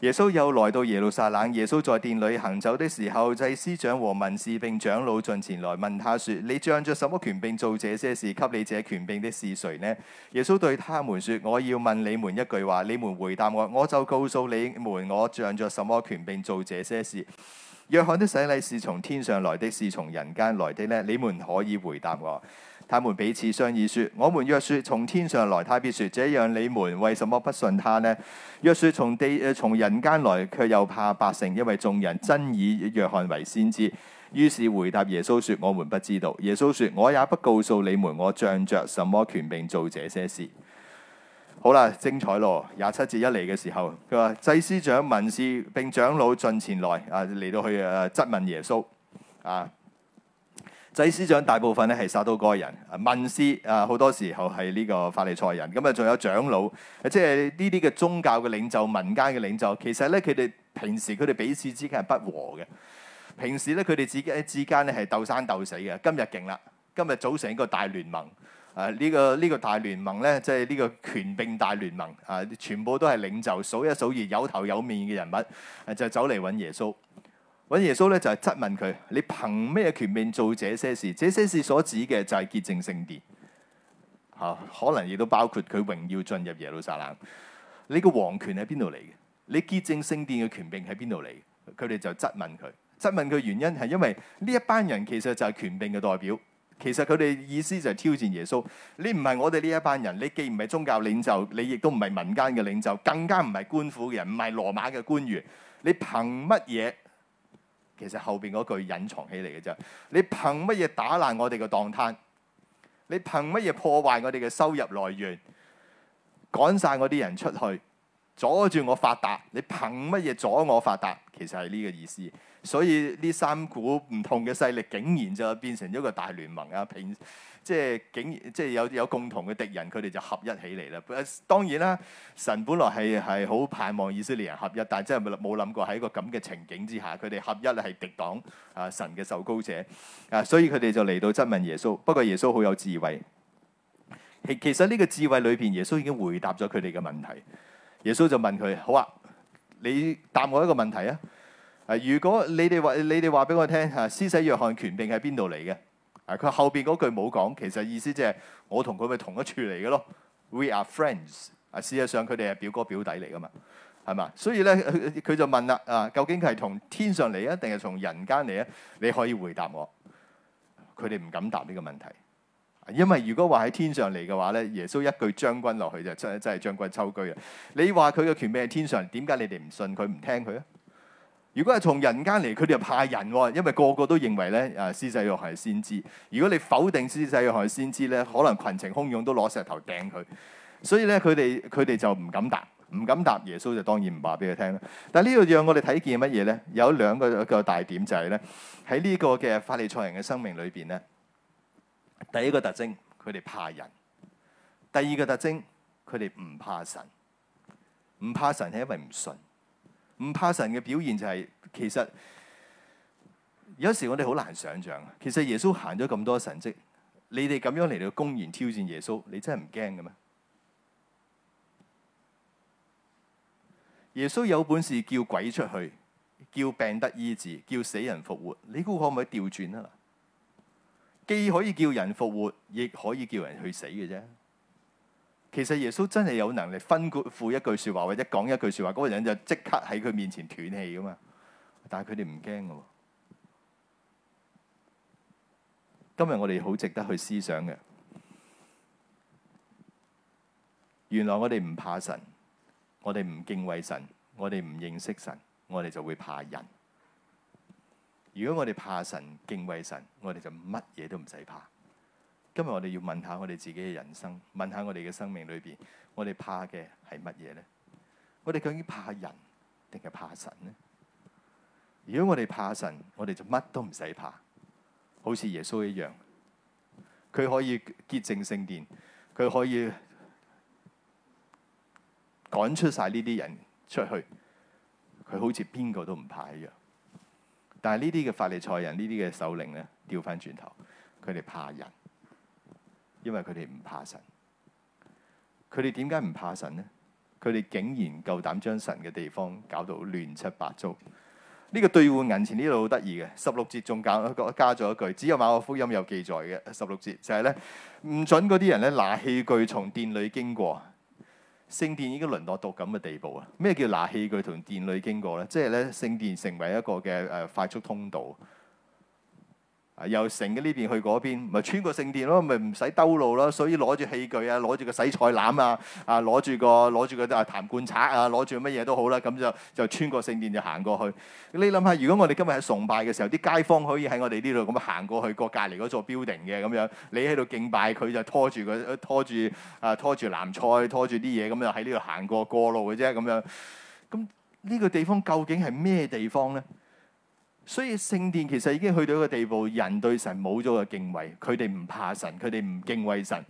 耶穌又來到耶路撒冷。耶穌在殿裏行走的時候，祭司長和文士並長老進前來問他說：你仗着什麼權柄做這些事？給你這權柄的是誰呢？耶穌對他們說：我要問你們一句話，你們回答我，我就告訴你們我仗著什麼權柄做這些事。約翰的洗禮是從天上來的，是從人間來的呢，你們可以回答我。他們彼此商議說：，我們若說從天上來，他必說：，這樣你們為什麼不信他呢？若說從地、呃、從人間來，卻又怕百姓，因為眾人真以約翰為先知。於是回答耶穌說：，我們不知道。耶穌說我也不告訴你們，我仗着什麼權柄做這些事。好啦，精彩咯！廿七節一嚟嘅時候，佢話祭司長、文士並長老進前來啊，嚟到去誒質問耶穌啊。祭司長大部分咧係撒都該人，文士啊好多時候係呢個法利賽人，咁啊仲有長老，即係呢啲嘅宗教嘅領袖、民間嘅領袖，其實咧佢哋平時佢哋彼此之間係不和嘅，平時咧佢哋之間之間咧係鬥生鬥死嘅，今日勁啦，今日組成一個大聯盟，啊呢個呢個大聯盟咧即係呢個權柄大聯盟，啊全部都係領袖，數一數二有頭有面嘅人物，啊、就走嚟揾耶穌。揾耶穌咧，就係、是、質問佢：你憑咩權柄做這些事？這些事所指嘅就係潔淨聖殿嚇、啊，可能亦都包括佢榮耀進入耶路撒冷。你個皇權喺邊度嚟嘅？你潔淨聖殿嘅權柄喺邊度嚟？佢哋就質問佢，質問佢原因係因為呢一班人其實就係權柄嘅代表，其實佢哋意思就係挑戰耶穌。你唔係我哋呢一班人，你既唔係宗教領袖，你亦都唔係民間嘅領袖，更加唔係官府嘅人，唔係羅馬嘅官員。你憑乜嘢？其實後邊嗰句隱藏起嚟嘅啫，你憑乜嘢打爛我哋嘅檔攤？你憑乜嘢破壞我哋嘅收入來源？趕晒我啲人出去，阻住我發達。你憑乜嘢阻我發達？其實係呢個意思。所以呢三股唔同嘅勢力，竟然就變成一個大聯盟啊！平即係竟，即係有有共同嘅敵人，佢哋就合一起嚟啦。當然啦，神本來係係好盼望以色列人合一，但係真係冇冇諗過喺一個咁嘅情景之下，佢哋合一係敵黨啊！神嘅受膏者啊，所以佢哋就嚟到質問耶穌。不過耶穌好有智慧，其其實呢個智慧裏邊，耶穌已經回答咗佢哋嘅問題。耶穌就問佢：好啊，你答我一個問題啊！如果你哋話你哋話俾我聽嚇，施洗約翰權柄喺邊度嚟嘅？啊！佢後邊嗰句冇講，其實意思即係我同佢咪同一處嚟嘅咯。We are friends。啊，事實上佢哋係表哥表弟嚟噶嘛，係嘛？所以咧，佢、啊、就問啦：啊，究竟佢係同天上嚟啊，定係從人間嚟啊？你可以回答我。佢哋唔敢答呢個問題，因為如果話喺天上嚟嘅話咧，耶穌一句將軍落去就真真係將軍抽車啊！你話佢嘅權柄係天上，點解你哋唔信佢、唔聽佢啊？如果係從人間嚟，佢哋又怕人，因為個個都認為咧，啊，施洗約翰係先知。如果你否定施洗約翰係先知咧，可能群情洶湧都攞石頭掟佢。所以咧，佢哋、佢哋就唔敢答，唔敢答耶穌就當然唔話俾佢聽啦。但係呢度讓我哋睇見乜嘢咧？有兩個個大點就係咧，喺呢個嘅法利賽人嘅生命裏邊咧，第一個特徵佢哋怕人，第二個特徵佢哋唔怕神，唔怕神係因為唔信。唔怕神嘅表現就係，其實有時我哋好難想像。其實耶穌行咗咁多神跡，你哋咁樣嚟到公然挑戰耶穌，你真係唔驚嘅咩？耶穌有本事叫鬼出去，叫病得醫治，叫死人復活，你估可唔可以調轉啊？既可以叫人復活，亦可以叫人去死嘅啫。其實耶穌真係有能力吩咐一句說話，或者講一句說話，嗰個人就即刻喺佢面前斷氣噶嘛。但係佢哋唔驚噶。今日我哋好值得去思想嘅。原來我哋唔怕神，我哋唔敬畏神，我哋唔認識神，我哋就會怕人。如果我哋怕神，敬畏神，我哋就乜嘢都唔使怕。今日我哋要問下我哋自己嘅人生，問下我哋嘅生命裏邊，我哋怕嘅係乜嘢呢？我哋究竟怕人定係怕神呢？如果我哋怕神，我哋就乜都唔使怕，好似耶穌一樣，佢可以潔淨聖殿，佢可以趕出晒呢啲人出去，佢好似邊個都唔怕一樣。但係呢啲嘅法利賽人，呢啲嘅首領呢，掉返轉頭，佢哋怕人。因為佢哋唔怕神，佢哋點解唔怕神呢？佢哋竟然夠膽將神嘅地方搞到亂七八糟。呢個兌換銀錢呢度好得意嘅，十六節仲加加咗一句，只有馬可福音有記載嘅十六節就係咧，唔准嗰啲人咧，拿器具從殿裏經過。聖殿已經淪落到咁嘅地步啊！咩叫拿器具從殿裏經過咧？即係咧，聖殿成為一個嘅誒快速通道。由城嘅呢邊去嗰邊，咪穿過聖殿咯，咪唔使兜路咯。所以攞住器具啊，攞住個洗菜籃啊，啊攞住個攞住個啊痰罐叉啊，攞住乜嘢都好啦。咁就就穿過聖殿就行過去。你諗下，如果我哋今日喺崇拜嘅時候，啲街坊可以喺我哋呢度咁行過去個隔離嗰座 building 嘅咁樣，你喺度敬拜，佢就拖住個、啊、拖住啊拖住籃菜，拖住啲嘢，咁就喺呢度行過過路嘅啫咁樣。咁呢個地方究竟係咩地方咧？所以聖殿其實已經去到一個地步，人對神冇咗個敬畏，佢哋唔怕神，佢哋唔敬畏神，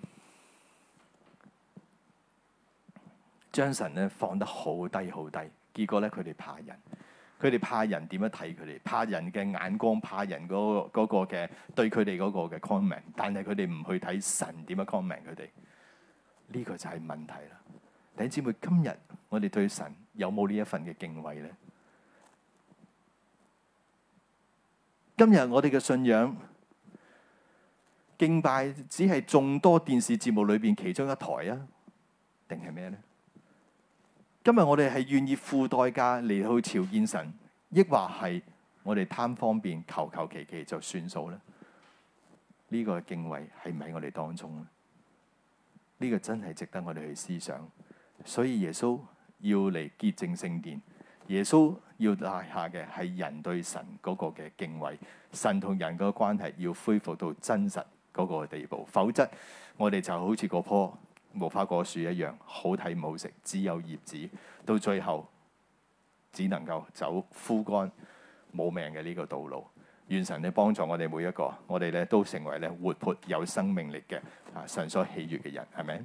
將神咧放得好低好低，結果咧佢哋怕人，佢哋怕人點樣睇佢哋，怕人嘅眼光，怕人嗰、嗰個嘅、嗰個、對佢哋嗰個嘅 comment，但係佢哋唔去睇神點樣 comment 佢哋，呢、呢個就係問題啦。弟兄姊妹，今日我哋對神有冇呢一份嘅敬畏咧？今日我哋嘅信仰敬拜，只係眾多電視節目裏邊其中一台啊？定係咩呢？今日我哋係願意付代價嚟去朝見神，抑或係我哋貪方便求求其其就算數呢？呢個敬畏係唔係我哋當中呢？呢個真係值得我哋去思想。所以耶穌要嚟潔淨聖殿。耶穌要立下嘅係人對神嗰個嘅敬畏，神同人個關係要恢復到真實嗰個地步，否則我哋就好似嗰棵無花果樹一樣，好睇唔好食，只有葉子，到最後只能夠走枯乾冇命嘅呢個道路。願神你幫助我哋每一個，我哋咧都成為咧活潑有生命力嘅啊神所喜悅嘅人，係咪？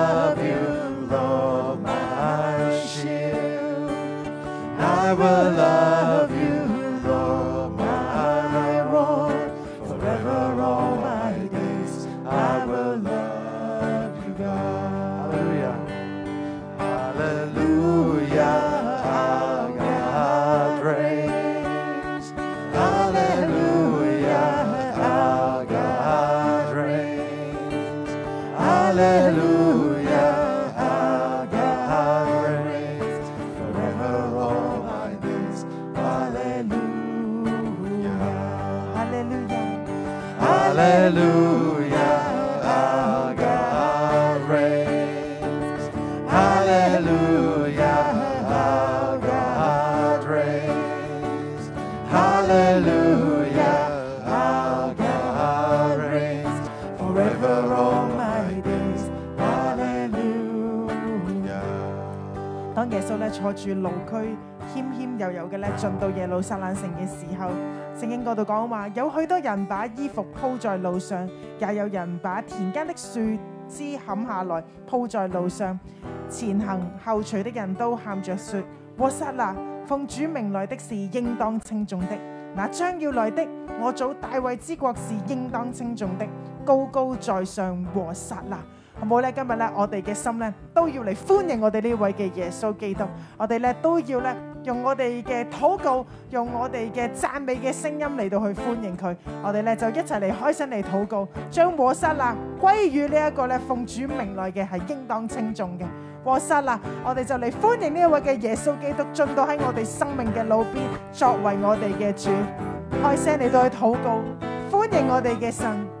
住路區，謙謙悠悠嘅咧，進到耶路撒冷城嘅時候，聖經嗰度講話，有許多人把衣服鋪在路上，也有人把田間的樹枝砍下來鋪在路上，前行後隨的人都喊着說：和散那，奉主名來的是應當稱重的，那將要來的，我祖大衛之國是應當稱重的，高高在上，和散那。好咧，今日咧，我哋嘅心咧都要嚟歡迎我哋呢位嘅耶穌基督，我哋咧都要咧用我哋嘅禱告，用我哋嘅讚美嘅聲音嚟到去歡迎佢。我哋咧就一齊嚟開聲嚟禱告，將和散那歸於呢一個咧奉主名來嘅係應當稱頌嘅和散那。我哋就嚟歡迎呢一位嘅耶穌基督進到喺我哋生命嘅路邊，作為我哋嘅主。開聲嚟到去禱告，歡迎我哋嘅神。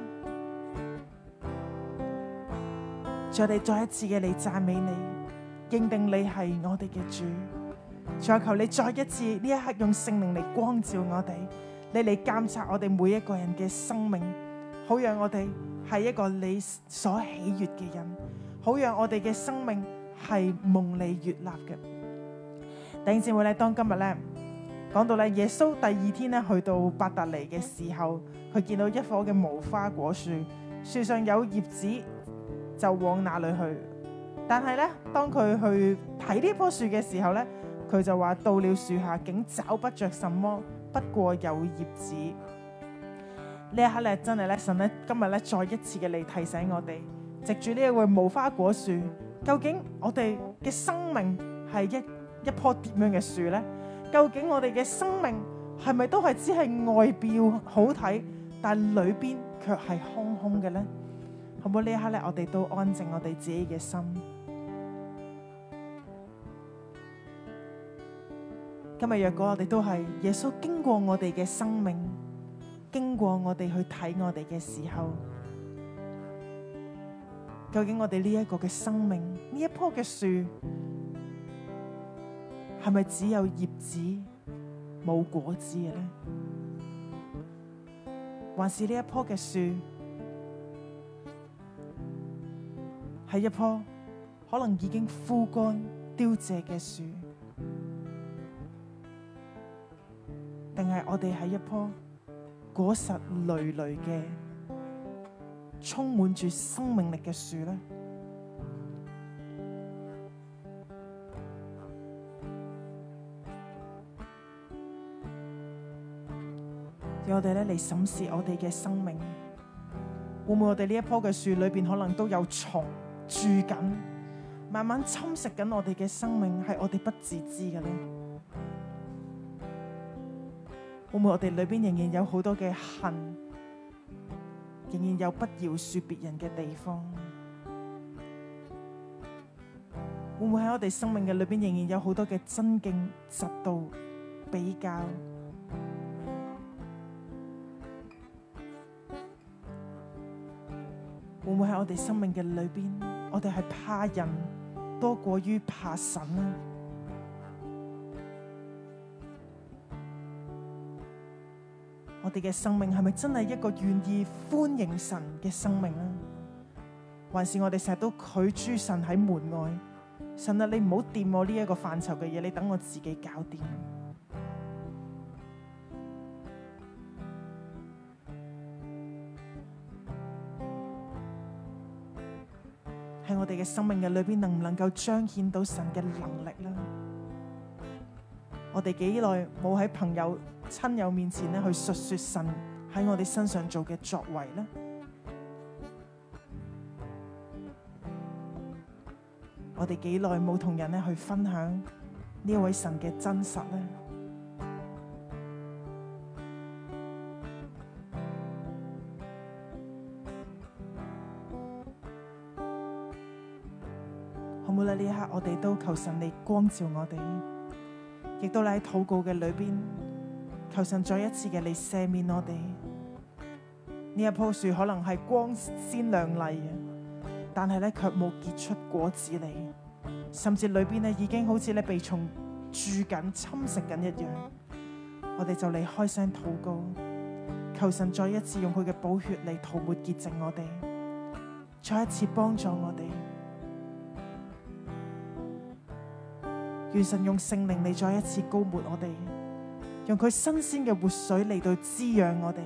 再地再一次嘅嚟讚美你，認定你係我哋嘅主。再求你再一次呢一刻用聖靈嚟光照我哋，你嚟監察我哋每一個人嘅生命，好讓我哋係一個你所喜悅嘅人，好讓我哋嘅生命係蒙你悅納嘅。第二節經文咧，當今日咧講到咧耶穌第二天咧去到伯大尼嘅時候，佢見到一棵嘅無花果樹，樹上有葉子。就往哪裏去？但係咧，當佢去睇呢棵樹嘅時候咧，佢就話到了樹下，竟找不着什麼，不過有葉子。呢一刻咧，真係咧，神咧，今日咧，再一次嘅嚟提醒我哋，藉住呢一位無花果樹，究竟我哋嘅生命係一一棵點樣嘅樹呢？究竟我哋嘅生命係咪都係只係外表好睇，但係裏邊卻係空空嘅呢？好唔好呢一刻咧？我哋都安靜我哋自己嘅心。今日若果我哋都係耶穌經過我哋嘅生命，經過我哋去睇我哋嘅時候，究竟我哋呢一個嘅生命，呢一棵嘅樹，係咪只有葉子冇果子嘅咧？還是呢一棵嘅樹，係一棵可能已經枯乾凋謝嘅樹，定係我哋喺一棵果實累累嘅、充滿住生命力嘅樹呢？要我哋咧嚟審視我哋嘅生命，會唔會我哋呢一棵嘅樹裏邊可能都有蟲？住緊，慢慢侵蝕緊我哋嘅生命，係我哋不自知嘅咧。會唔會我哋裏邊仍然有好多嘅恨，仍然有不饒恕別人嘅地方？會唔會喺我哋生命嘅裏邊仍然有好多嘅真敬實度比較？會唔會喺我哋生命嘅裏邊？我哋係怕人多過於怕神啊！我哋嘅生命係咪真係一個願意歡迎神嘅生命咧？還是我哋成日都拒諸神喺門外？神啊，你唔好掂我呢一個範疇嘅嘢，你等我自己搞掂。我哋嘅生命嘅裏邊能唔能夠彰顯到神嘅能力呢？我哋幾耐冇喺朋友、親友面前呢去述說神喺我哋身上做嘅作為呢？我哋幾耐冇同人呢去分享呢位神嘅真實呢？呢一刻，我哋都求神嚟光照我哋，亦都嚟喺禱告嘅裏邊，求神再一次嘅嚟赦免我哋。呢一棵樹可能係光鮮亮麗嘅，但係咧卻冇結出果子嚟，甚至裏邊呢已經好似咧被蟲蛀緊、侵蝕緊一樣。我哋就嚟開聲禱告，求神再一次用佢嘅寶血嚟塗抹潔淨我哋，再一次幫助我哋。願神用聖靈嚟，再一次澆灌我哋，用佢新鮮嘅活水嚟到滋養我哋，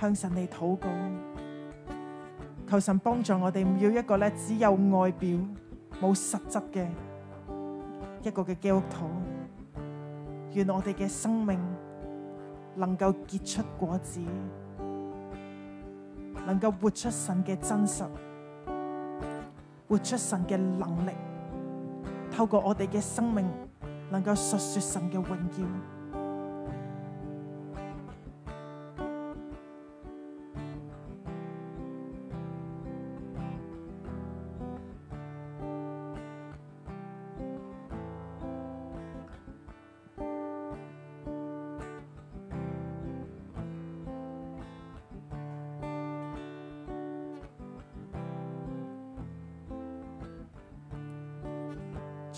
向神嚟禱告，求神幫助我哋，唔要一個咧只有外表冇實質嘅一個嘅基督徒，願我哋嘅生命能夠結出果子，能夠活出神嘅真實，活出神嘅能力，透過我哋嘅生命，能夠述說神嘅榮耀。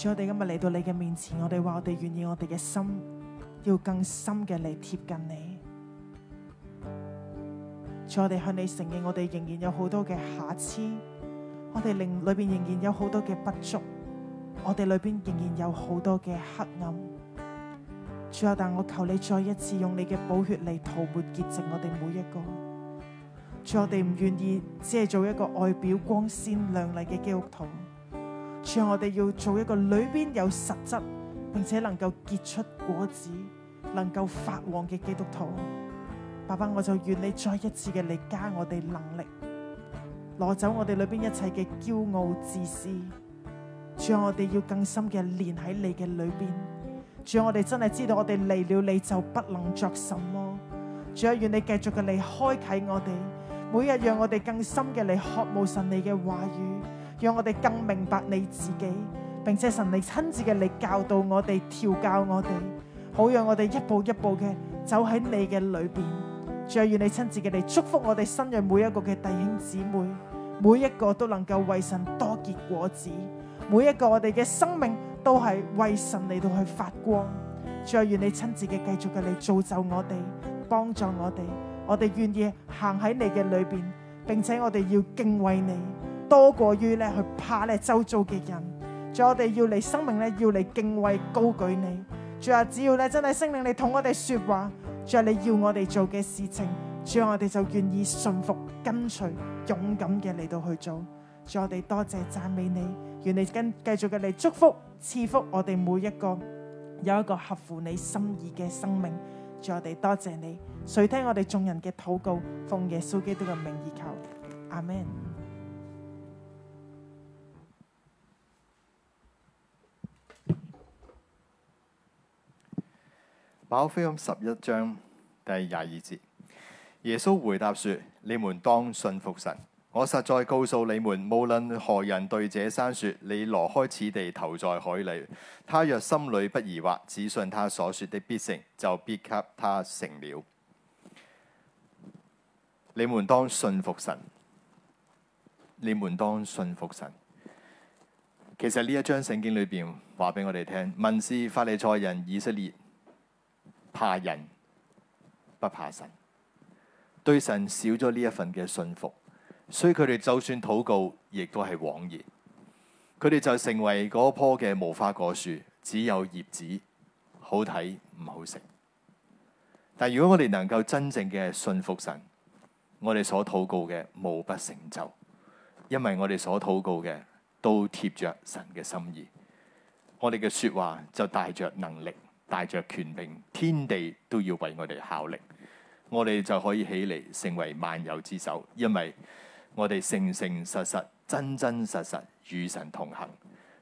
主我哋今日嚟到你嘅面前，我哋話我哋願意，我哋嘅心要更深嘅嚟貼近你。主我哋向你承認，我哋仍然有好多嘅瑕疵，我哋另裏邊仍然有好多嘅不足，我哋裏邊仍然有好多嘅黑暗。主啊，但我求你再一次用你嘅寶血嚟塗抹潔淨我哋每一個。主我哋唔願意只係做一個外表光鮮亮麗嘅基督徒。主，我哋要做一個裏邊有實質，並且能夠結出果子、能夠發旺嘅基督徒。爸爸，我就願你再一次嘅嚟加我哋能力，攞走我哋裏邊一切嘅驕傲、自私。主，我哋要更深嘅連喺你嘅裏邊。主，我哋真係知道我哋離了你就不能作什麼。仲有願你繼續嘅嚟開啟我哋，每日讓我哋更深嘅嚟渴慕神你嘅話語。讓我哋更明白你自己，並且神你親自嘅嚟教導我哋、調教我哋，好讓我哋一步一步嘅走喺你嘅裏邊。再願你親自嘅嚟祝福我哋新約每一個嘅弟兄姊妹，每一個都能夠為神多結果子，每一個我哋嘅生命都係為神嚟到去發光。再願你親自嘅繼續嘅嚟造就我哋、幫助我哋，我哋願意行喺你嘅裏邊，並且我哋要敬畏你。多過於咧去怕咧周遭嘅人，主，我哋要你生命咧，要你敬畏高舉你。主啊，只要咧真係生命你同我哋說話。主啊，你要我哋做嘅事情，主啊，我哋就願意信服跟隨，勇敢嘅嚟到去做。主，我哋多謝讚美你，願你跟繼續嘅嚟祝福賜福我哋每一個，有一個合乎你心意嘅生命。主，我哋多謝你，垂聽我哋眾人嘅禱告，奉耶穌基督嘅名義求，阿門。馬可福音十一章第廿二節，耶穌回答說：你們當信服神。我實在告訴你們，無論何人對這山說：你挪開此地，投在海裏，他若心裏不疑惑，只信他所說的必成就，必給他成了。你們當信服神。你們當信服神。其實呢一章聖經裏邊話俾我哋聽，文士法利賽人以色列。怕人，不怕神。對神少咗呢一份嘅信服，所以佢哋就算禱告，亦都係枉然。佢哋就成為嗰棵嘅無花果樹，只有葉子好睇，唔好食。但如果我哋能夠真正嘅信服神，我哋所禱告嘅無不成就，因為我哋所禱告嘅都貼着神嘅心意，我哋嘅說話就帶着能力。帶着權柄，天地都要為我哋效力，我哋就可以起嚟成為萬有之首，因為我哋誠誠實實、真真實實與神同行。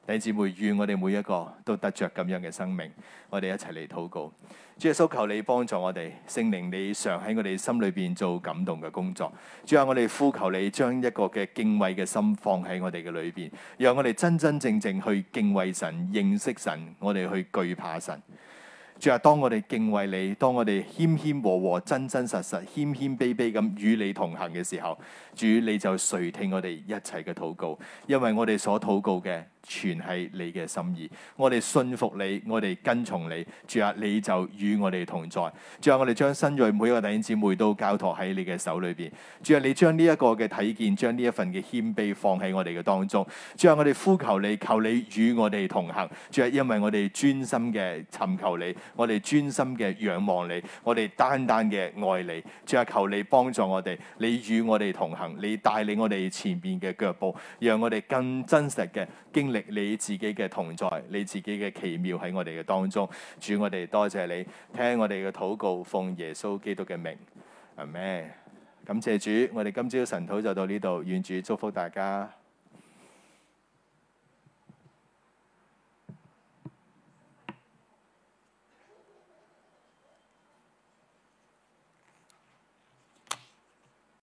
弟兄姊妹，願我哋每一個都得着咁樣嘅生命。我哋一齊嚟禱告。主耶穌，求你幫助我哋，聖靈你常喺我哋心裏邊做感動嘅工作。主啊，我哋呼求你將一個嘅敬畏嘅心放喺我哋嘅裏邊，讓我哋真真正正去敬畏神、認識神，我哋去懼怕神。就係當我哋敬畏你，當我哋謙謙和和、真真實實、謙謙卑卑咁與你同行嘅時候，主你就垂聽我哋一切嘅禱告，因為我哋所禱告嘅，全係你嘅心意，我哋信服你，我哋跟從你。主啊，你就與我哋同在。主啊，我哋將新瑞每一個弟兄姊妹都交託喺你嘅手裏邊。主啊，你將呢一個嘅體見，將呢一份嘅謙卑放喺我哋嘅當中。主啊，我哋呼求你，求你與我哋同行。主啊，因為我哋專心嘅尋求你，我哋專心嘅仰望你，我哋單單嘅愛你。主啊，求你幫助我哋，你與我哋同行，你帶領我哋前面嘅腳步，讓我哋更真實嘅。經歷你自己嘅同在，你自己嘅奇妙喺我哋嘅當中，主，我哋多謝你，聽我哋嘅禱告，奉耶穌基督嘅名，阿門。感謝主，我哋今朝神禱就到呢度，願主祝福大家。